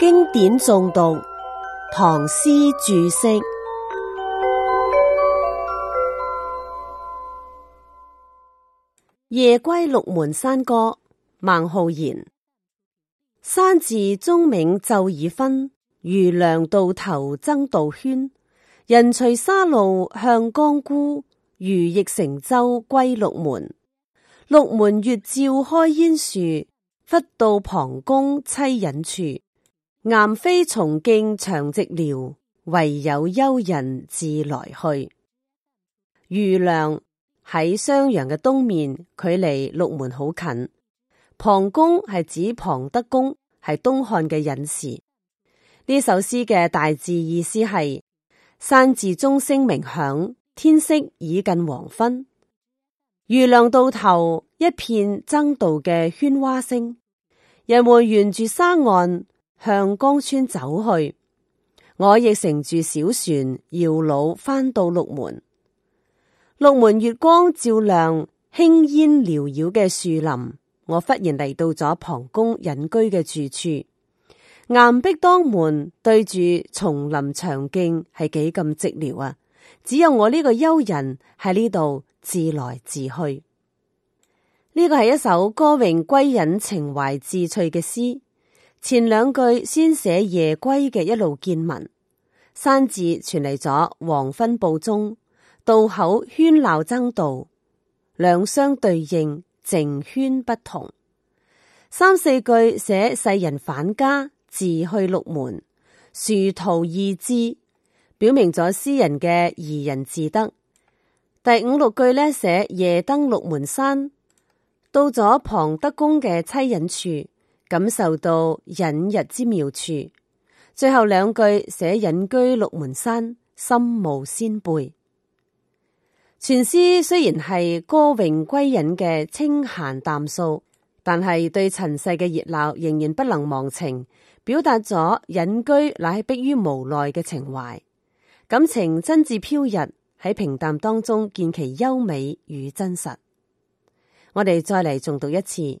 經典誦讀，唐詩注釋。夜歸鹿門山歌，孟浩然。山寺鐘鳴晝已昏，漁梁渡頭爭渡喧。人隨沙路向江孤，余亦乘舟歸鹿門。鹿門月照開煙樹，忽到龐公棲隱處。岩扉松徑長寂寥，唯有幽人自來去。漁梁喺襄陽嘅東面，距離鹿門好近。龐公係指龐德公，係東漢嘅隱士。呢首詩嘅大致意思係：山寺鐘聲鳴響，天色已近黃昏，漁梁渡頭，一片爭渡嘅喧嘩聲。人們沿住沙岸。向江村走去，我亦乘住小船搖櫓翻到鹿門。鹿門月光照亮輕煙繚繞嘅樹林，我忽然嚟到咗龐公隱居嘅住處。岩壁當門，對住叢林長徑，係幾咁寂寥啊！只有我呢個幽人喺呢度自來自去。呢個係一首歌詠歸隱情懷自趣嘅詩。前兩句先寫夜歸嘅一路見聞，山寺傳嚟咗黃昏報鐘，渡口喧鬧爭渡，兩相對應，靜喧不同。三四句寫世人返家自去鹿門，殊途異志，表明咗詩人嘅怡然自得。第五六句呢，寫夜登鹿門山，到咗龐德公嘅棲隱處。感受到隱逸之妙處，最後兩句寫隱居六門山，心無先輩。全詩雖然係歌詠歸隱嘅清閒淡素，但係對塵世嘅熱鬧仍然不能忘情，表達咗隱居乃係迫於無奈嘅情懷。感情真摯飄逸，喺平淡當中見其優美與真實。我哋再嚟重讀一次。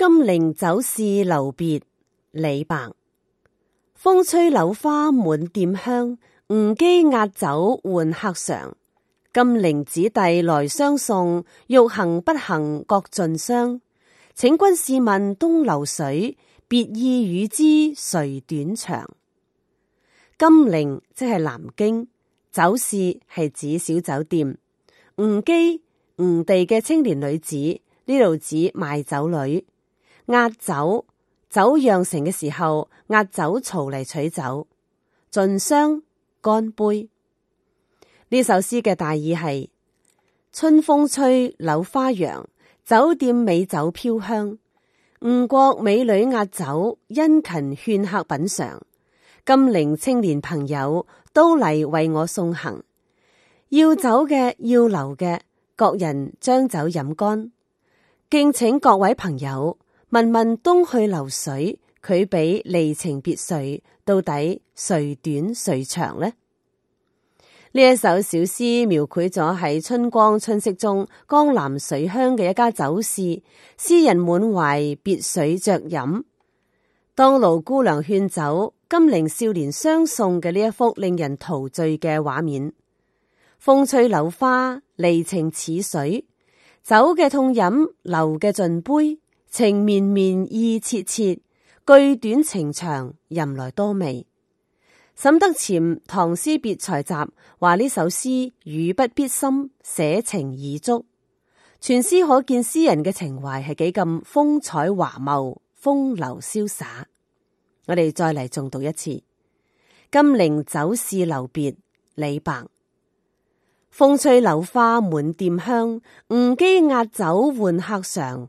金陵酒肆留別李白。風吹柳花滿店香，吳姬壓酒換客嘗。金陵子弟來相送，欲行不行各盡觴。請君試問東流水，別意與之誰短長？金陵即係南京，酒肆係指小酒店。吳姬，吳地嘅青年女子，呢度指賣酒女。壓酒，酒釀成嘅時候，壓酒槽嚟取酒。盡觴乾杯。呢首詩嘅大意係：春風吹柳花揚，酒店美酒飄香。吳國美女壓酒，殷勤勸客品嘗。金陵青年朋友都嚟為我送行，要走嘅要留嘅，各人將酒飲乾。敬請各位朋友，問問東去流水，佢比離情別緒到底誰短誰長呢？呢一首小詩描繪咗喺春光春色中江南水鄉嘅一家酒肆，詩人滿懷別緒酌飲，當壚姑娘勸酒，金陵少年相送嘅呢一幅令人陶醉嘅畫面。風吹柳花，離情似水，酒嘅痛飲，留嘅盡杯。情綿綿意切切，句短情長，吟來多味。沈德潛《唐詩別才集》話：呢首詩語不必深，寫情已足。全詩可見詩人嘅情懷係幾咁風采華茂、風流瀟灑。我哋再嚟重讀一次《金陵酒事留別》李白：風吹柳花滿店香，吳姬壓酒換客嘗。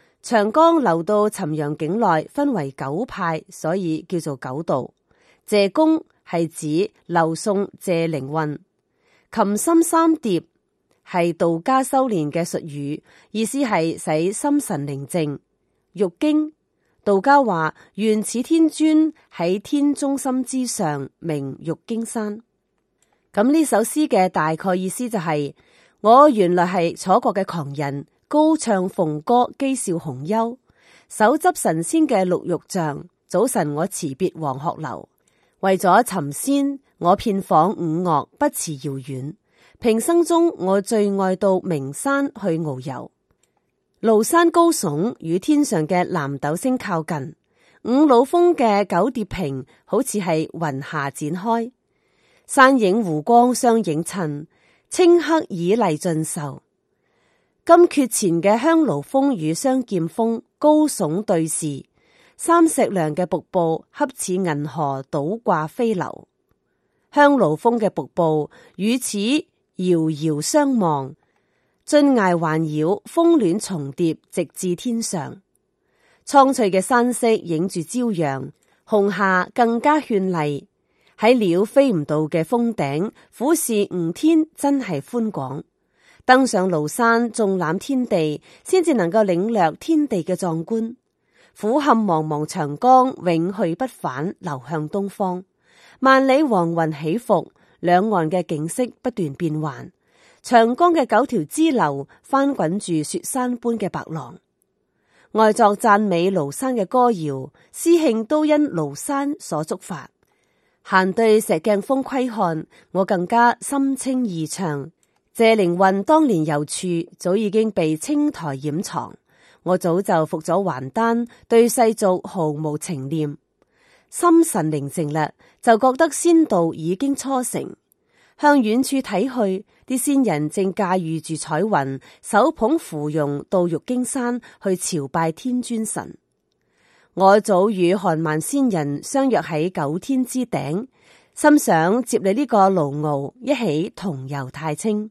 長江流到潯陽境內，分為九派，所以叫做九道。謝公係指劉宋謝靈運。琴心三疊係道家修煉嘅術語，意思係使心神寧靜。玉京道家話，原始天尊喺天中心之上，名玉京山。咁呢首詩嘅大概意思就係、是，我原來係楚國嘅狂人。高唱鳳歌，譏笑孔丘。手執神仙嘅綠玉杖，早晨我辭別黃鶴樓，為咗尋仙，我遍訪五岳，不辭遙遠。平生中我最愛到名山去遨遊。廬山高聳，與天上嘅南斗星靠近。五老峰嘅九疊屏，好似係雲霞展開。山影湖光相映襯，青黑以麗盡秀。金闕前嘅香爐峰與雙劍峰高聳對視，三石梁嘅瀑布恰似銀河倒掛飛流。香爐峰嘅瀑布與此遙遙相望，峻崖環繞，峰巒重疊直至天上。蒼翠嘅山色映住朝陽，紅霞更加絢麗。喺鳥飛唔到嘅峰頂，俯視吳天，真係寬廣。登上廬山，縱覽天地，先至能夠領略天地嘅壯觀。俯瞰茫茫長江，永去不返，流向東方。萬里黃雲起伏，兩岸嘅景色不斷變幻。長江嘅九條支流，翻滾住雪山般嘅白浪。外作讚美廬山嘅歌謠，詩興都因廬山所觸發。閒對石鏡峰窺看，我更加心清意暢。謝靈運當年遊處，早已經被青苔掩藏。我早就服咗還丹，對世俗毫無情念，心神寧靜啦，就覺得仙道已經初成。向遠處睇去，啲仙人正駕馭住彩雲，手捧芙蓉到玉京山去朝拜天尊神。我早與韓萬仙人相約喺九天之頂，心想接你呢個盧敖一起同遊太清。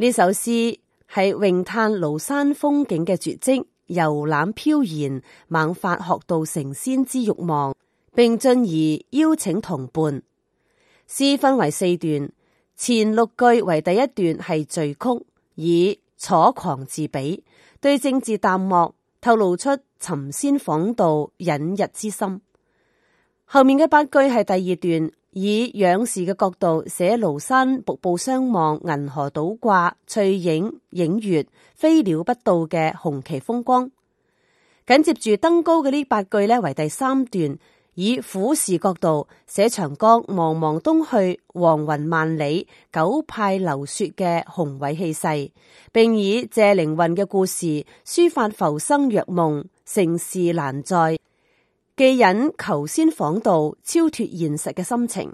呢首詩係詠嘆廬山風景嘅絕迹，遊覽飄然，猛發學道成仙之慾望，並進而邀請同伴。詩分為四段，前六句為第一段，係序曲，以楚狂自比，對政治淡漠，透露出尋仙訪道隱逸之心。後面嘅八句係第二段。以仰視嘅角度寫廬山瀑布相望、銀河倒掛、翠影影月、飛鳥不到嘅雄奇風光。緊接住登高嘅呢八句咧，為第三段，以俯視角度寫長江茫茫東去、黃雲萬里、九派流雪嘅宏偉氣勢，並以謝靈運嘅故事抒發浮生若夢、盛事難再，寄引求仙訪道、超脱現實嘅心情，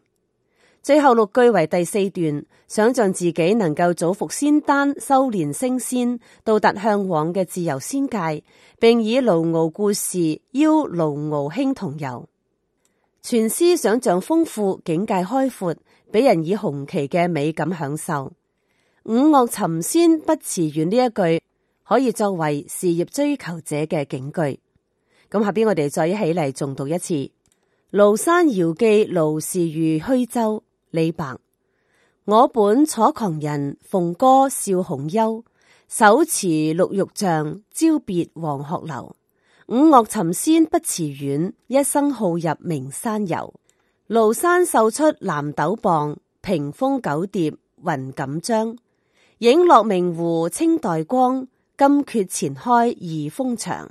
最後六句為第四段，想象自己能夠早服仙丹、修煉升仙，到達向往嘅自由仙界，並以盧敖故事邀盧敖兄同遊。全詩想象豐富，境界開闊，俾人以雄奇嘅美感享受。五岳尋仙不辭遠呢一句可以作為事業追求者嘅警句。咁下邊我哋再一起嚟重讀一次《廬山謠寄》盧，盧侍御虛舟，李白。我本楚狂人，鳳歌笑孔丘。手持綠玉杖，朝別黃鶴樓。五岳尋仙不辭遠，一生好入名山遊。廬山秀出南斗傍，屏風九疊雲錦張。影落明湖青黛光，金闕前開二峰長。